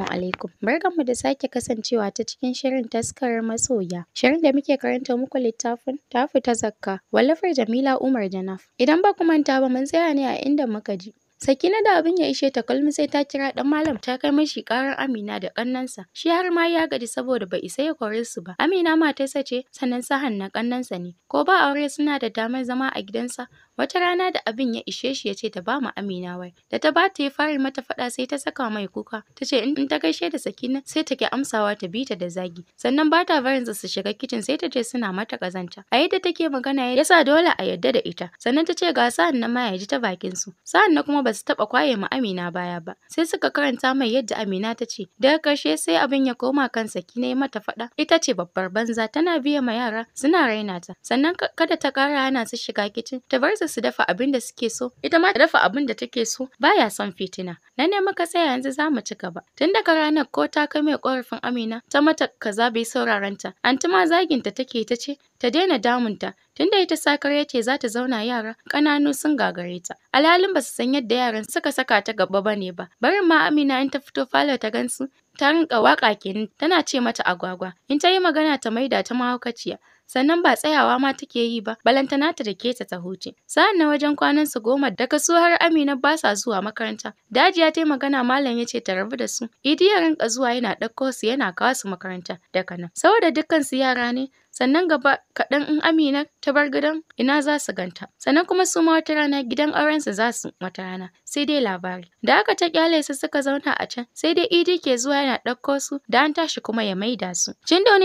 Assalamu alaikum. Barkanmu da sake kasancewa ta cikin shirin taskarar masoya. Shirin da muke karanta muku littafin tafi ta zakka wallafar Jamila Umar Janaf. Idan ba ku manta ba mun tsaya ne a inda muka ji. Sakina da abin ya ishe ta kulmi sai ta kira dan malam ta kai mashi karar Amina da kannansa. Shi har ma ya gaji saboda bai isa ya kore su ba. Amina matarsa ce sannan sahan na kannansa ne. Ko ba aure suna da damar zama a gidansa Wata rana da abin ya ishe shi ya ce ta ba mu Amina wai. Da ta ba ta ya fara mata faɗa sai ta saka mai kuka. Ta ce in ta gaishe da Sakina sai ta ke amsawa ta bi ta da zagi. Sannan ba ta barin su shiga kicin sai ta ce suna mata kazanta. A yadda take magana ya sa dole a yadda da ita. Sannan ta ce ga sa'an nan ma ya ji ta bakin su. Sa'an nan kuma ba su taɓa kwaye ma Amina baya ba. Sai suka karanta mai yadda Amina ta ce. Daga ƙarshe sai abin ya koma kan Sakina ya mata faɗa. Ita ce babbar banza tana biya ma yara suna raina ta. Sannan kada ta ƙara hana su shiga kicin ta bar su dafa abin da suke so ita ma ta dafa abin da take so baya son fitina na ne muka tsaya yanzu za mu ci gaba tun daga ranar ko ta kai mai korafin Amina ta mata kaza bai sauraron ta anti ma zaginta take ta ce ta daina damun damunta tunda ita sakar yace za ta zauna yara ƙananu sun gagare ta alhalin ba su san yadda yaran suka saka ta gaba ne ba barin ma Amina in ta fito falo ta gansu ta rinka waka kenan tana ce mata agwagwa in ta yi magana ta maida ta mahaukaciya sannan ba tsayawa ma take yi ba balantana ta dake ta ta huce sa'an na wajen kwanan su goma daga su har Amina ba sa zuwa makaranta dajiya ta magana malam ya ce ta rabu da su idi ya rinka zuwa yana ɗauko su yana kawo su makaranta daga nan saboda dukkan su yara ne sannan gaba kaɗan in Amina ta bar gidan ina za su ganta sannan kuma su ma wata rana gidan aurensu su za su wata rana sai dai labari. Da aka ta kyale su suka zauna a can sai dai idi ke zuwa yana ɗauko su da an tashi kuma ya maida su.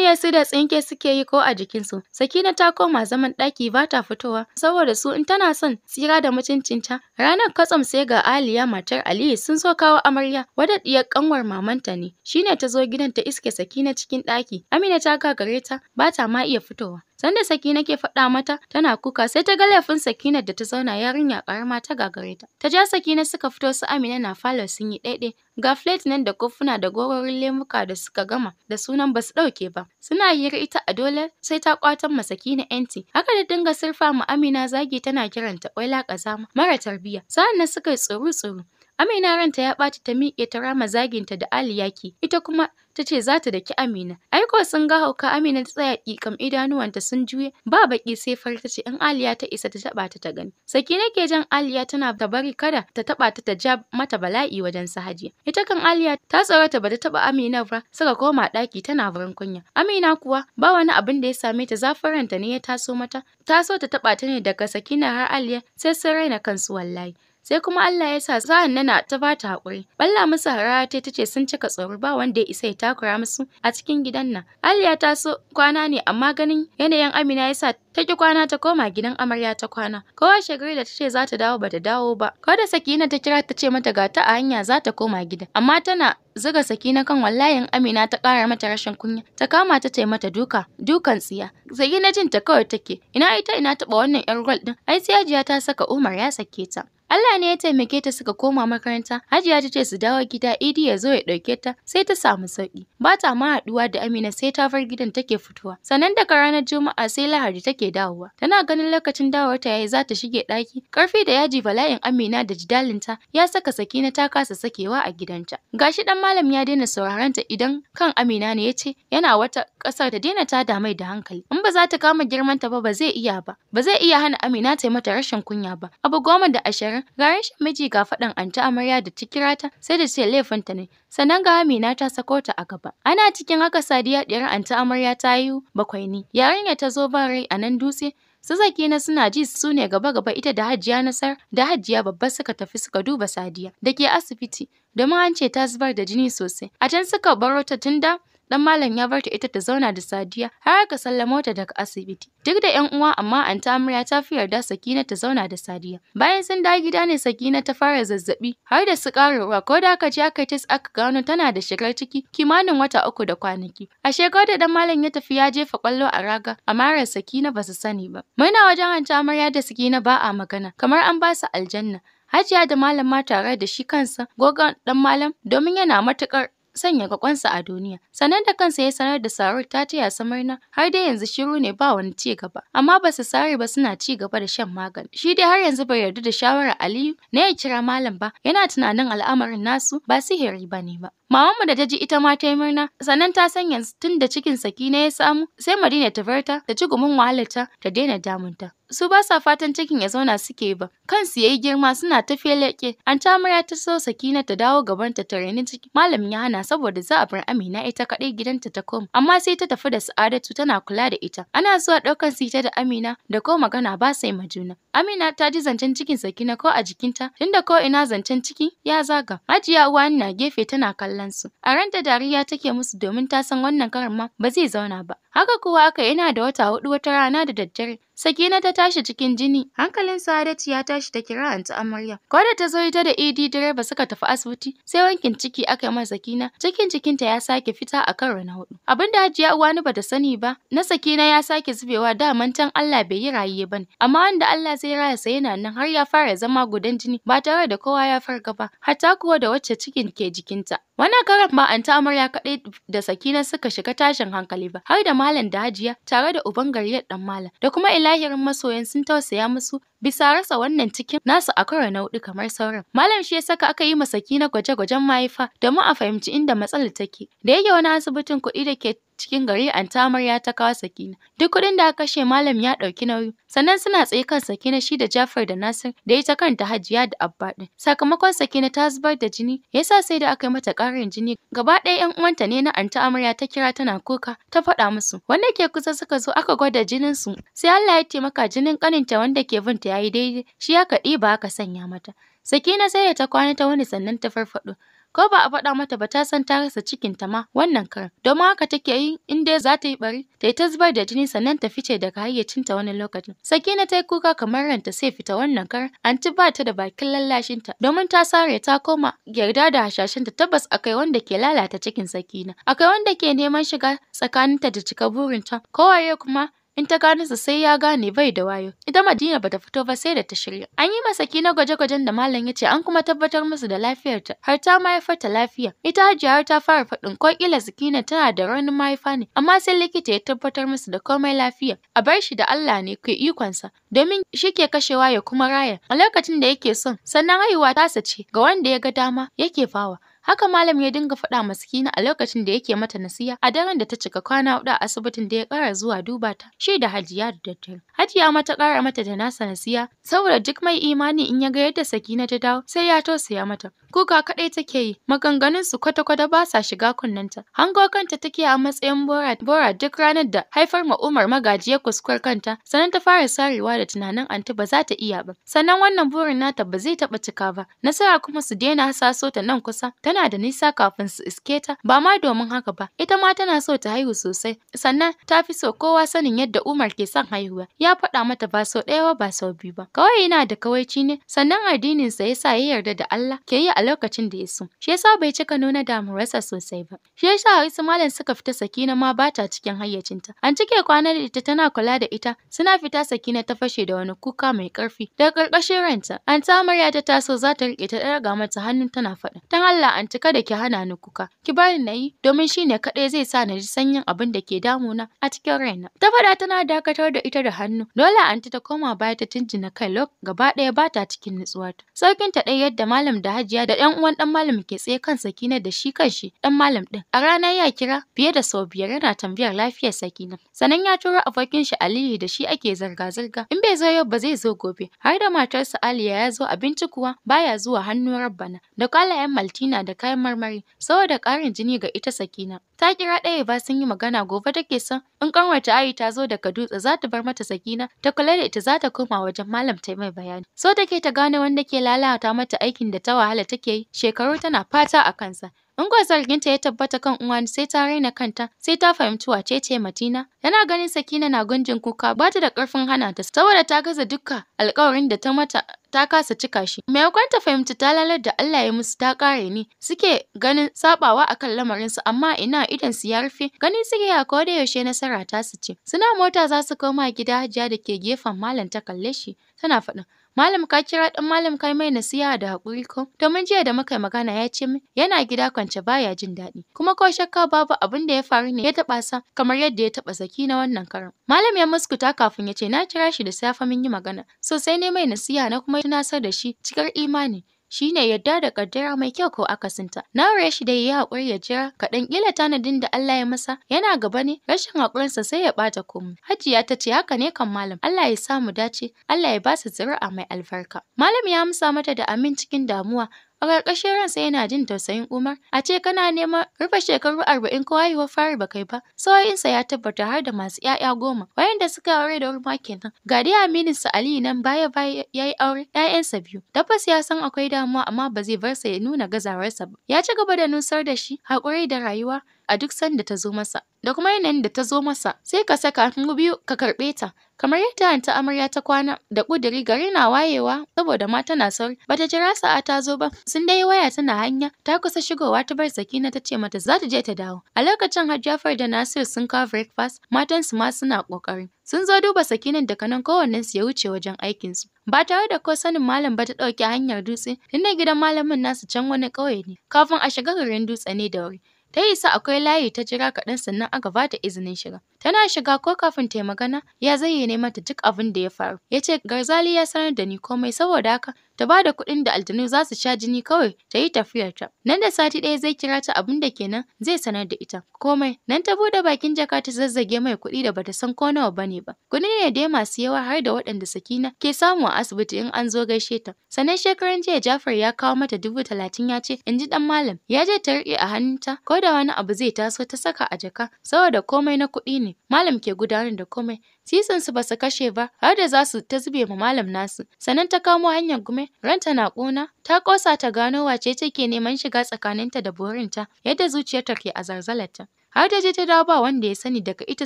ya su da tsinke suke yi ko a jikinsu. Sakina ta koma zaman ɗaki ba ta fitowa saboda su in tana son tsira da mutuncinta. Ranar kwatsam sai ga Aliya matar Aliyu sun zo kawo amarya wadda ɗiyar kanwar mamanta ne. Shine ta zo gidan ta iske Sakina cikin ɗaki. Amina ta ga gareta. ba ta ma iya fitowa. Sanda Sakina ke faɗa mata tana kuka sai ta ga laifin Sakina da ta zauna yarinya ƙarama ta gagare ta. Ta ja Sakina suka fito su Amina na falo sun yi ɗaiɗai. Ga flet nan da kofuna da gororin lemuka da suka gama da sunan basu ɗauke ba. Suna hira ita a dole sai ta ƙwatan ma Sakina ‘yanci. Haka da dinga surfa ma Amina zagi tana kiranta ƙwaila ƙazama mara tarbiyya. Sa'an nan suka yi tsuru-tsuru. Amina ranta ya ɓaci ta miƙe ta rama zaginta da Ali yaki, ita kuma ta ce za ta daki Amina. Aiko sun ga hauka Amina ta tsaya ƙiƙam idanuwanta sun juye ba baƙi sai far ta ce in Aliya ta isa ta taɓa ta ta gani. Saki nake jan Aliya tana ta bari kada ta taɓa ta ta ja mata bala'i wajen su Hajiya. Ita kan Aliya ta tsorata ba ta taɓa Amina ba suka koma ɗaki tana barin kunya. Amina kuwa ba wani abin da ya same ta zafaranta ne ya taso mata. Ta so ta taɓa ta ne daga Sakina har Aliya sai sun raina kansu wallahi. sai kuma Allah ya sa sa'an nana ta ba ta haƙuri balla musu harata ta ce sun cika tsoro ba wanda ya isa ya takura musu a cikin gidan nan Aliya ta so kwana ne amma ganin yanayin Amina ya sa ta ki kwana ta koma gidan amarya ta kwana kowa shagari da ta ce za ta dawo ba ta dawo ba ko da sakina ta kira ta ce mata ga ta a hanya za ta koma gidan. amma tana zuga sakina kan wallayin amina ta ƙara mata rashin kunya ta kama ta tai mata duka dukan tsiya sakina jin ta kawai take ina ita ina taɓa wannan yar gwal din ai sai ta saka umar ya sake ta Allah ne ya taimake ta suka koma makaranta. Hajiya ta ce su dawo gida Idi ya zo ya ɗauke ta sai ta samu sauki. Ba ta ma haɗuwa da Amina sai ta bar gidan take fitowa. Sannan daga ranar Juma'a sai Lahadi take dawowa. Tana ganin lokacin dawowar ta yayi za ta shige ɗaki. Karfi da yaji bala'in Amina da jidalinta ya saka Sakina ta kasa sakewa a gidanta. Gashi dan malam ya daina sauraron ta idan kan Amina ne ya ce yana wata ƙasar ta daina ta da mai da hankali. In ba za ta kama girmanta ba ba zai iya ba. Ba zai iya hana Amina ta yi mata rashin kunya ba. Abu goma da ashirin lamarin ga rashin miji ga faɗin anti amarya da ta kira ta sai da ce ta ne sannan ga Amina ta sako ta a gaba ana cikin haka Sadiya ɗiyar anti amarya ta yi bakwai ne yarinya ta zo ba rai a nan dutse su na suna ji su ne gaba-gaba ita da Hajiya Nasar da Hajiya Babba suka tafi suka duba Sadiya da ke asibiti domin an ce ta zubar da jini sosai. A can suka baro ta tun da? Dan malam ya barta ita ta zauna da Sadiya har aka sallamo ta daga asibiti. Duk da ƴan uwa amma Anta Amarya ta fi yarda Sakina ta zauna da Sadiya. Bayan sun dawo gida ne Sakina ta fara zazzabi har da su ruwa ko da aka je aka yi aka gano tana da shigar ciki kimanin wata uku da kwanaki. A shekaru da dan malam ya tafi ya jefa kwallo a raga amma ran Sakina ba su sani ba. Muna wajen Anta Amarya da Sakina ba a magana kamar an ba su aljanna. Hajiya da malama tare da shi kansa gogon dan malam domin yana matukar sanya gakonsa a duniya. sanar da kansa ya sanar da Sarut ta taya su murna har dai yanzu shiru ne ba wani ci gaba amma ba su sare ba suna ci gaba da shan magani shi dai har yanzu bai yarda da shawarar Aliyu na ya kira malam ba yana tunanin al'amarin nasu ba sihiri bane ba Mamanmu da ta ji ita ma ta yi murna, sannan ta san yanzu tun da cikin Sakina ya samu, sai Madina ta barta ta ci gumin wahalarta ta daina damunta. Su ba sa fatan cikin ya zauna suke ba, kansu ya yi girma suna ta leke, an ta ta so na ta dawo gabanta ta raini ciki. Malami ya hana saboda za a bar Amina ita ita kaɗai gidanta ta koma amma sai ta tafi da Sa'adatu tana kula da ita ana zuwa ɗaukan sita da Amina da ko magana ba sai ma juna Amina ta ji zancen cikin Sakina ko a jikinta tunda ko ina zancen ciki ya zaga. Hajiya Uwani na gefe tana kallon su. A ranta dariya take musu domin ta san wannan karin ma ba zai zauna ba. Haka kuwa aka ina da wata hudu wata rana da daddare Sakina ta tashi cikin jini, hankalin Sa'adatu ya tashi ta kira ta amarya. Ko da ta zo ita da Idi direba suka tafi asibiti, sai wankin ciki aka yi Sakina, cikin cikinta ya sake fita a karo na hudu. Abin da Hajiya Uwani bata sani ba, na Sakina ya sake zubewa da mantan Allah bai yi rayuwa bane, amma wanda Allah zai sai rasa yana nan har ya fara zama gudan jini ba tare da kowa ya farka ba hatta kuwa da wacce cikin ke jikinta. Wannan karan ba an ta amarya kaɗai da Sakina suka shiga tashin hankali ba, har da Malam da Hajiya tare da uban gariyar ɗan Malam da kuma ilahirin masoyan sun tausaya musu bisa rasa wannan cikin nasu a kara na hudu kamar sauran. Malam shi ya saka aka yi ma Sakina gwaje-gwajen mahaifa domin a fahimci inda matsalar take. Da yake wani asibitin kuɗi da ke cikin gari ta amarya ta kawo sakina duk kuɗin da aka kashe malam ya ɗauki nauyi sannan suna tsaye kan sakina shi da jafar da nasir da ita kanta hajiya da abba ɗin sakamakon sakina ta zubar da jini yasa sai da aka yi mata ƙarin jini gaba ɗaya ‘yan uwanta ne na anti amarya ta kira tana kuka ta faɗa musu wanda ke kusa suka zo aka gwada jinin su sai Allah ya taimaka jinin ƙaninta wanda ke ta yayi daidai shi aka ɗiba aka sanya mata Sakina sai da ta kwana ta wani sannan ta farfaɗo ko ba a faɗa mata ba ta san ta rasa cikin ta ma wannan karan domin haka take yi in dai za ta yi bari ta yi ta zubar da jini sannan ta fice daga hayyacinta wani lokacin sakina ta yi kuka kamar ranta sai fita wannan karan anti ba ta da bakin lallashin ta domin ta sare ta koma yarda da hashashinta tabbas akai wanda ke lalata cikin sakina akai wanda ke neman shiga tsakaninta da cika burinta kowaye kuma in ta gane su sai ya gane bai da wayo ita Madina bata fito ba sai da ta shirya an yi masa na gwaje-gwajen da malam ya ce an kuma tabbatar musu da lafiyarta har ta mahaifarta lafiya ita Hajiya har ta fara faɗin ko kila Sakina tana da raunin mahaifa ne amma sai likita ya tabbatar musu da komai lafiya a bar shi da Allah ne ke ikonsa domin shi ke kashewa ya kuma raya a lokacin da yake son sannan haihuwa tasa ce ga wanda ya ga dama yake fawa Haka malam ya dinga faɗa ma Sakina a lokacin da yake mata nasiya a daren da ta cika kwana huɗu a asibitin da ya ƙara zuwa duba ta shi da Hajiya da daddare. Hajiya mata ta ƙara mata da nasa nasiya saboda duk mai imani in ya ga yadda Sakina ta dawo sai ya tausaya mata. Kuka kaɗai take yi maganganun su kwata-kwata ba sa shiga kunnenta. Hango kanta take a matsayin bora duk ranar da haifar ma Umar magajiyar kuskure kanta sannan ta fara sarewa da tunanin anti ba za ta iya ba. Sannan wannan burin nata ba zai taɓa cika ba. Nasara kuma su daina hasaso ta nan kusa yana da nisa kafin su iske ta ba ma domin haka ba ita ma tana so ta haihu sosai sannan ta fi so kowa sanin yadda Umar ke son haihuwa ya faɗa mata ba sau ɗaya ba sau biyu ba kawai yana da kawaici ne sannan addinin sa yasa ya yarda da Allah ke yi a lokacin da ya so shi yasa bai cika nuna damuwarsa sosai ba shi yasa wasu malam suka fita Sakina ma ba ta cikin hayyacinta an cike kwanar ita tana kula da ita suna fita Sakina ta fashe da wani kuka mai ƙarfi daga ƙarƙashin ranta an ta ta taso za ta riƙe ta ɗaga mata hannu tana faɗa dan Allah anti kada ki hana ni kuka ki bani na yi domin shi ne kaɗai zai sa na ji sanyin abin da ke damu na a cikin raina ta faɗa tana dakatar da ita da hannu dole anti ta koma baya ta tunjina kai lok gaba ɗaya ba ta cikin nutsuwa ta. saukin ta ɗaya yadda malam da hajiya da ɗan uwan ɗan malam ke tsaye kan sakina da shi kan shi ɗan malam ɗin a ranar ya kira fiye da sau biyar yana tambayar lafiyar sakina sannan ya turo abokin shi aliyu da shi ake zirga-zirga in bai zo yau ba zai zo gobe har da matarsa aliya ya zo abinci kuwa baya zuwa hannu rabbana da kwalayen maltina da kayan marmari saboda ƙarin jini ga ita Sakina. Ta kira ɗaya ba sun yi magana gobe take son in ta Ayi ta zo daga dutse za ta bar mata Sakina ta kula da ita za ta koma wajen malam ta mai bayani. So take ta gane wanda ke lalata mata aikin da ta wahala take yi shekaru tana fata a kansa. In kuwa zarginta ya tabbata kan Uwani sai ta raina kanta, sai ta fahimci wace ce Madina. Yana ganin Sakina na gunjin kuka ba ta da ƙarfin hana ta saboda ta gaza dukka alƙawarin da ta mata ta kasa cika shi. Maimakon ta fahimci ta lalar da Allah ya musu ta ƙare ne, suke ganin sabawa akan lamarinsu amma ina idan su ya rufe, ganin suke a ko da yaushe nasara ta su ce. Suna mota za su koma gida Hajiya da ke gefen malam ta kalle shi, tana faɗin Malam ka kira ɗan malam kai mai nasiha da haƙuri ko? Domin jiya da muka yi magana ya ce min yana gida kwance baya jin daɗi. Kuma ko shakka babu abin da ya faru ne ya taɓa sa kamar yadda ya taɓa zaki na wannan karan. Malam ya muskuta kafin ya ce na kira shi da safe mun yi magana. So sai ne mai nasiha na kuma tunasar da shi cikar imani. shi ne yadda da ƙaddara mai kyau ko akasinta. Na aure shi da ya yi haƙuri ya jira kaɗan ƙila tanadin da Allah ya masa yana gaba ne rashin haƙurinsa sai ya ɓata komai. Hajiya ta ce haka ne kan malam Allah ya samu dace Allah ya ba su zuri'a mai albarka. Malam ya amsa mata da amin cikin damuwa A ƙarƙashin ransa yana jin tausayin Umar, a ce kana neman rufe shekaru arba'in ko haihuwar fari ba kai ba. Sauyinsa ya tabbata har da masu ‘ya'ya goma, wayanda suka aure da Umar kenan. Ga dai amininsa Ali nan baya baya ya yi aure ‘ya'yansa biyu. Tabbas ya san akwai damuwa amma ba zai bar sa ya nuna gazawarsa ba. Ya ci gaba da nusar da shi haƙuri da rayuwa a duk sanda ta zo masa da kuma yanayin da ta zo masa sai ka saka hannu biyu ka karɓe ta kamar yadda ta amarya ta kwana da ƙudiri gari na wayewa saboda ma tana sauri bata jira sa'a ta zo ba sun dai waya tana hanya ta kusa shigowa ta bar sakina ta ce mata za ta je ta dawo a lokacin hajjafar da nasir sun kawo breakfast Matan su ma suna ƙoƙari sun zo duba sakinan da kanan su ya wuce wajen aikinsu ba tare da ko sanin malam ba ta ɗauki hanyar dutse tunda gidan malamin nasu can wani ƙauye ne kafin a shiga garin dutse ne da wuri Ta yi sa akwai layi ta jira kaɗan sannan aka ba ta izinin shiga. Tana shiga ko kafin ta yi magana ya zayyane mata duk abin da ya faru. Ya ce Garzali ya sanar da ni komai saboda haka ta bada da kuɗin da aljanu za su sha jini kawai ta yi tafiyarta. Nan da sati ɗaya zai kira ta abin da kenan zai sanar da ita. Komai nan ta buɗe bakin jaka ta zazzage mai kuɗi da bata san ko nawa bane ba. Kuɗi ne dai masu yawa har da waɗanda Sakina ke samu a asibiti in an zo gaishe ta. Sannan shekaran jiya Jafar ya kawo mata dubu talatin ya ce in ji ɗan malam. Ya je ta riƙe a hannunta ko da wani abu zai taso ta saka a jaka saboda komai na kuɗi ne. Malam ke gudanar da komai Sisinsu ba su kashe ba har da za su ta zube ma malam nasu. Sannan ta kamo hanyar gume ranta na ƙona ta ƙosa ta gano wace take neman shiga tsakaninta da burinta yadda zuciyarta ke a zarzalarta. Har da je ta dawo ba wanda ya sani daga ita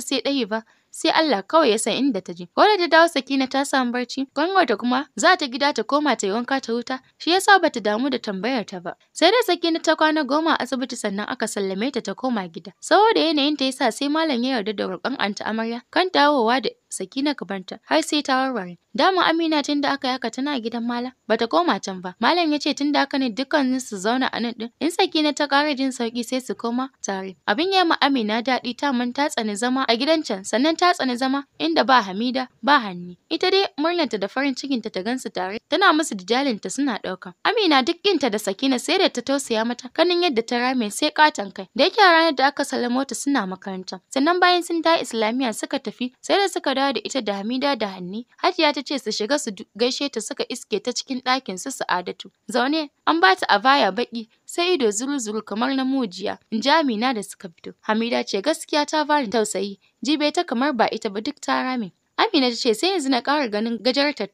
sai ɗaya ba sai Allah kawai ya san inda ta je. Ko da ta dawo Sakina ta samu barci, ta kuma za ta gida ta koma ta yi wanka ta huta, shi yasa ba ta damu da tambayar ta ba. Sai da Sakina ta kwana goma a asibiti sannan aka sallame ta ta koma gida. Saboda yanayin ta yasa sai malam ya yarda da roƙon anta amarya kan dawowa da Sakina gabanta har sai ta warware. Dama Amina tun da aka yaka tana gidan Malam bata koma can ba. Malam ya ce tun da aka ne dukkanin su zauna a nan din. In Sakina ta ƙara jin sauki sai su koma tare. Abin ya ma Amina daɗi ta manta tsani zama a gidan can sannan ta tsani zama inda ba Hamida ba Hanni. Ita dai murnarta da farin cikinta ta gansu tare, tana musu dijalinta suna ɗauka. Amina duk inta da Sakina sai da ta tausaya mata ganin yadda ta rame sai katon kai. Da yake ranar da aka salamo ta suna makaranta. Sannan bayan sun dawo Islamiyya suka tafi, sai da suka dawo da ita da Hamida da Hanni. Hajiya ta ce su shiga su gaishe ta suka iske ta cikin ɗakin su Sa'adatu. Zaune an ba ta abaya baƙi. sai ido zuru-zuru kamar na mujiya in ji Amina da suka fito. Hamida ce gaskiya ta bani tausayi jibe ta kamar ba ita ba duk ta rame. Amina ta ce sai yanzu na ƙara ganin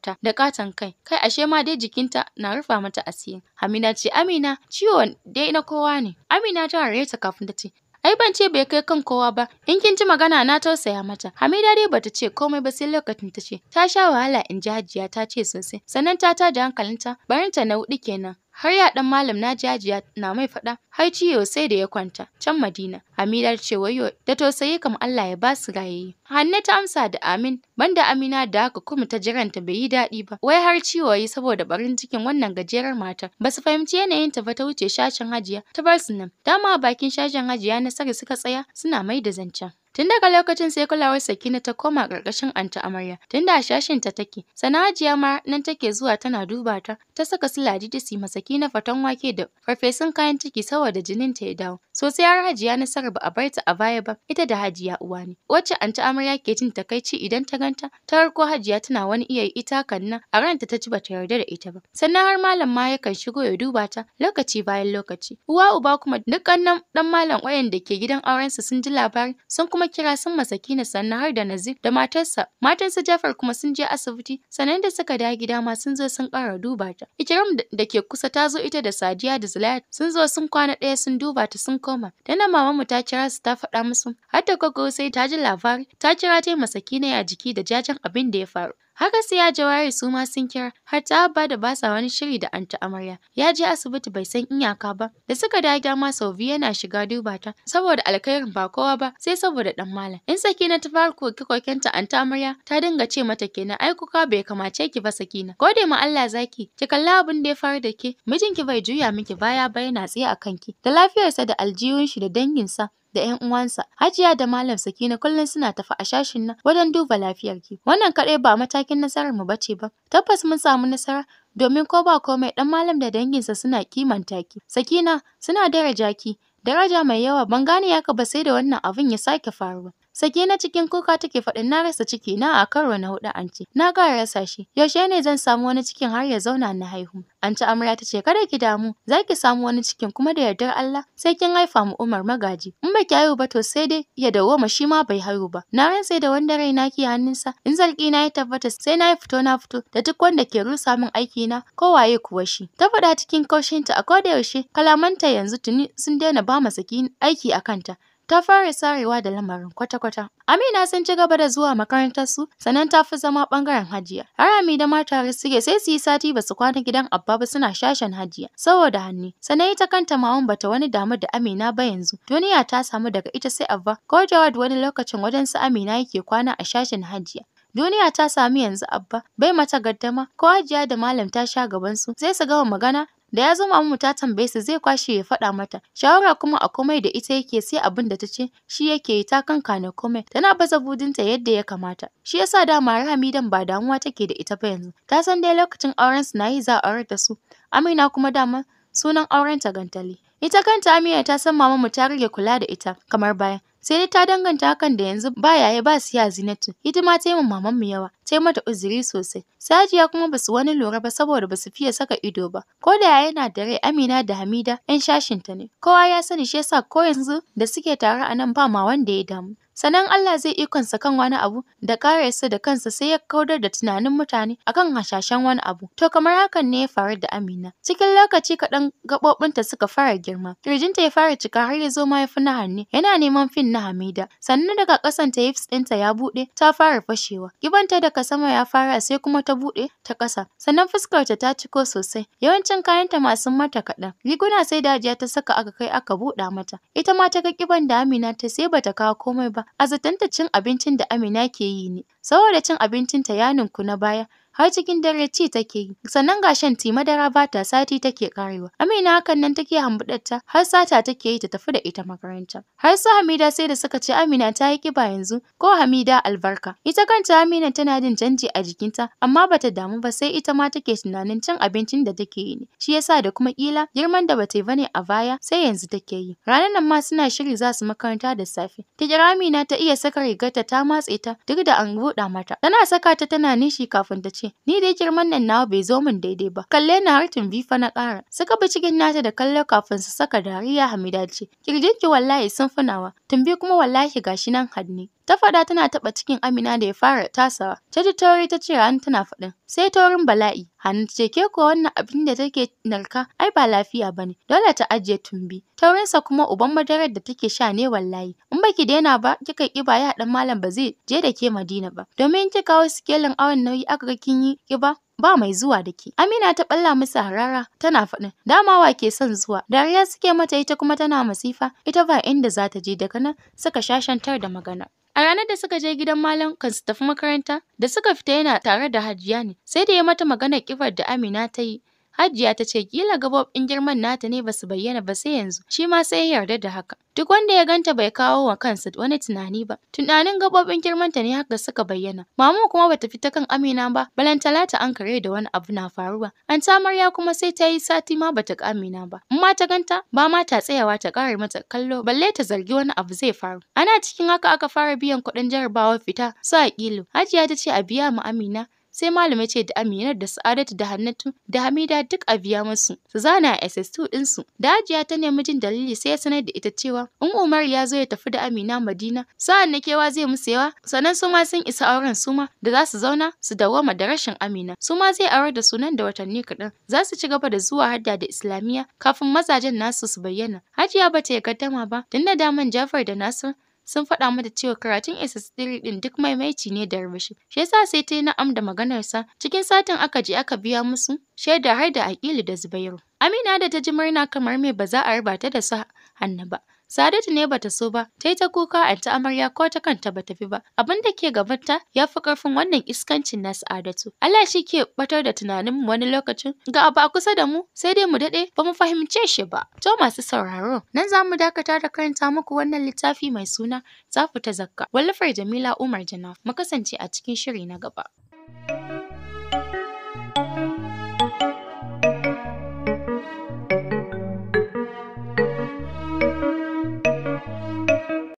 ta da katon kai, kai ashe ma dai jikinta na rufa mata asiri. hamida ce Amina ciwon dai na kowa ne. Amina ta rare ta kafin ta ce ai ban ce bai kai kan kowa ba in kin ji magana na tausaya mata hamida dai bata ce komai ba sai lokacin ta ce ta sha wahala in ji hajiya ta ce sosai sannan ta tada hankalinta barinta na hudu kenan har ya dan malam na jajiya na mai faɗa har ciwo sai da ya kwanta can madina Amina ce wayo da tausayi kam allah ya ba su rayayi hanne ta amsa da amin banda amina da haka kuma ta jiranta bai yi daɗi ba wai har ciwo yi saboda barin cikin wannan gajerar matar ba su fahimci yanayin ta ba ta wuce shashin hajiya ta bar su nan dama a bakin shashin hajiya na sare suka tsaya suna mai da zancen Tun daga lokacin sai kulawar Sakina ta koma ƙarƙashin Anta Amarya, tunda a shashinta take. Sana Hajiya ma nan take zuwa tana duba ta, ta saka su Ladidi su yi ma Sakina faten wake da farfesun kayan ciki saboda jinin ta ya dawo. Sosai har Hajiya Nasarar ba a bar ta a baya ba, ita da Hajiya uwa ne. Wacce anti amarya ke jin takaici idan ta ganta, ta farko Hajiya tana wani iya yi ita kanna, a ranta ta ci bata yarda da ita ba. Sannan har malam ma yakan shigo ya duba ta lokaci bayan lokaci. Uwa uba kuma dukkanin dan malam wayan da ke gidan aurensa sun ji labari, sun kuma kira sun masakina sannan har da Nazir da matarsa. Matarsa Jafar kuma sun je asibiti, sannan da suka da gida ma sun zo sun ƙara duba ta. Ikiram da ke kusa ta zo ita da Sadiya da Zulayat sun zo sun kwana ɗaya sun duba ta sun koma. Da nan mamanmu ta kira su ta faɗa musu har da gwaggo sai ta ji labari ta kira ta masa na a jiki da jajen abin da ya faru. Haka sai ya jawari su ma sun kira har ta ba da ba wani shiri da anta amarya. Ya je asibiti bai san iyaka ba. Da suka dawo gida ma sau biyu yana shiga duba ta saboda alkhairin ba kowa ba sai saboda dan malam. In na ta fara koke kokenta anta amarya ta dinga ce mata kenan ai kuka bai kamace ki ba Sakina. Gode ma Allah zaki ki kalla abin da ya faru da ke mijinki bai juya miki baya ba yana tsaye a kanki. Da lafiyarsa da aljanna shi da danginsa da ‘yan uwansa. Hajiya da Malam Sakina kullum suna tafi a shashin nan wajen duba lafiyar ki. Wannan kaɗai ba matakin nasarar mu bace ba. Tabbas mun samu nasara domin ko ba komai ɗan Malam da danginsa suna kimanta ki. Sakina suna daraja ki. Daraja mai yawa ban gane yaka ba sai da wannan abin ya sake faruwa. Sake na cikin kuka take faɗin na rasa ciki na a karo na hudu anci. Na ga rasa shi. Yaushe ne zan samu wani cikin har ya zauna na haihu? Anci amarya ta ce kada ki damu za ki samu wani cikin kuma da yardar Allah sai kin haifa mu Umar magaji. In ba ki haihu ba to sai dai ya dawo ma shi ma bai haihu ba. Na rantse da wanda na ke hannunsa in zargi na ya tabbata sai na fito na fito da duk wanda ke rusa min aiki na ko waye kuwa shi. Ta faɗa cikin kaushinta a koda yaushe kalamanta yanzu tuni sun daina ba ma aiki a kanta. ta fara sarewa da lamarin kwata-kwata. Amina sun ci gaba da zuwa makarantarsu sannan ta fi zama ɓangaren Hajiya. Harami da matare suke sai su yi sati ba su kwana gidan Abba ba suna shashen Hajiya saboda hanni. Sannan ita kanta Maman bata wani damu da Amina ba yanzu. Duniya ta samu daga ita sai Abba ko Jawad wani lokacin wajen su Amina yake kwana a shashen Hajiya. Duniya ta sami yanzu abba, bai mata gaddama, ko hajiya da malam ta sha gabansu, sai su gama magana Da ya zo mu ta tambaye su zai kwashe ya faɗa mata. Shawara kuma a komai da ita yake sai abin da ta ce shi yake yi ta kankana komai. Tana baza budinta yadda ya kamata. Shi yasa dama dan ba damuwa take da ita ba yanzu. Ta san dai lokacin auren su na za a aurar da su. Amina kuma dama sunan auren ta gantali. Ita kanta Amina ta san mamanmu ta rage kula da ita kamar baya. Sai dai ta danganta hakan da yanzu ba yaya ba siya Zinatu, hidima ta yi wa mamanmu yawa, ta yi mata uzuri sosai. Sajiya kuma ba su wani lura ba saboda ba su fiye saka ido ba. Ko da yaya yana da rai Amina da Hamida ‘yan shashinta ne. Kowa ya sani shi yasa ko yanzu da suke tare a nan ba ma wanda ya damu. sannan Allah zai ikon sa kan wani abu da su da kansa sai ya kaudar da tunanin mutane akan hashashen wani abu. To kamar hakan ne ya faru da Amina. Cikin lokaci kaɗan gaɓoɓinta suka fara girma, kirjinta ya fara cika har ya zo mahaifin na Hanne yana neman fin na Hamida. Sannan daga kasan ta hips ɗinta ya buɗe ta fara fashewa. Gibanta daga sama ya fara sai kuma ta buɗe ta ƙasa. Sannan fuskarta ta ciko sosai. Yawancin kayanta masu mata kaɗan. Riguna sai dajiya ta saka aka kai aka buɗa mata. Ita ma ta ga ƙiban da Amina ta sai bata kawo komai ba. a cin abincin da Amina ke yi ne, saboda cin abincinta ya ninku na baya har cikin dare ci take yi sannan ga shan ti madara ba ta sati take karewa Amina hakan nan take hambudarta har sata take yi ta tafi da ita makaranta har sa Hamida sai da suka ce Amina ta yi kiba yanzu ko Hamida albarka ita kanta Amina tana jin canji a jikinta amma bata damu ba sai ita ma take tunanin cin abincin da take yi ne shi yasa da kuma kila girman da bata yi bane a baya sai yanzu take yi Ranan nan ma suna shiri za su makaranta da safe ta kira Amina ta iya saka rigarta ta matse ta duk da an buɗa mata tana saka ta tana nishi kafin ta ce ce ni dai girman nan nawa bai zo min daidai ba kalle na hartin bifa na ƙara suka bi cikin nata da kallo kafin su saka dariya Hamida ce ki wallahi sun fi nawa tumbi kuma wallahi gashi nan hadni Ta faɗa tana taɓa cikin Amina da ya fara tasawa. Ta ji tauri ta ce hannu tana faɗin. Sai taurin bala'i. Hannu ta ce ke ko wannan abin da take narka ai ba lafiya ba ne. Dole ta ajiye tumbi. Taurinsa kuma uban madarar da take sha ne wallahi. In baki daina ba kika ƙiba ya dan malam ba zai je da ke Madina ba. Domin kika kawo sikelin awon nauyi aka ga kin yi ƙiba ba mai zuwa da ke. Amina ta balla masa harara tana faɗin dama wa ke son zuwa. Dariya suke mata ita kuma tana masifa ita ba inda za ta je daga nan suka shashantar da magana. A ranar da suka je gidan malam kan su tafi makaranta, da suka fita yana tare da Hajiya ne, sai da ya mata maganar ƙifar da Amina ta yi, Hajiya ta ce kila gaɓoɓin girman nata ne basu bayyana ba sai yanzu, shi ma sai ya yarda da haka. Duk wanda ya ganta bai kawo wa kansa wani tunani ba, tunanin gaɓoɓin girmanta ne haka suka bayyana. Mamu kuma bata fita kan Amina ba, balan talata an kare da wani abu na faruwa. An ta kuma sai ta yi sati ma bata ga Amina ba. In ma ta ganta, ba ma ta tsayawa ta ƙare mata kallo, balle ta zargi wani abu zai faru. Ana cikin haka aka fara biyan kuɗin jarabawar fita su a Hajiya ta ce a biya mu Amina sai malama ce da Amina da Sa'adatu da Hannatu da Hamida duk a biya musu su zana a SS2 ɗinsu. Da Hajiya ta nemi jin dalili sai ya sanar da ita cewa in Umar ya zo ya tafi da Amina Madina sa'an na kewa zai musu yawa sannan su ma sun isa auren su ma da za su zauna su dawoma da rashin Amina su ma zai aurar da sunan da watanni kaɗan za su ci gaba da zuwa hadda da Islamiyya kafin mazajen nasu su bayyana. Hajiya ba ta yi gaddama ba tunda daman Jafar da Nasir sun faɗa mata cewa karatun SS3 ɗin duk maimaici ne da rubushi. Shi yasa sai ta yi na'am da maganarsa, cikin satin aka je aka biya musu shaida har da Aƙilu da Zubairu. Amina da ta ji murna kamar mai ba za a raba ta da su Hanna ba, Sadatu ne bata so ba, ta yi ta kuka a ta amarya ko ta kanta bata fi ba. Abin da ke gabanta ya fi ƙarfin wannan iskancin na s'adatu Allah shi ke batar da tunaninmu wani lokacin ga abu a kusa da mu sai dai mu daɗe ba mu fahimce shi ba. To masu sauraro, nan za mu dakata da karanta muku wannan littafi mai suna Zafu ta Zakka, wallafar Jamila Umar Janaf. Mu kasance a cikin shiri na gaba.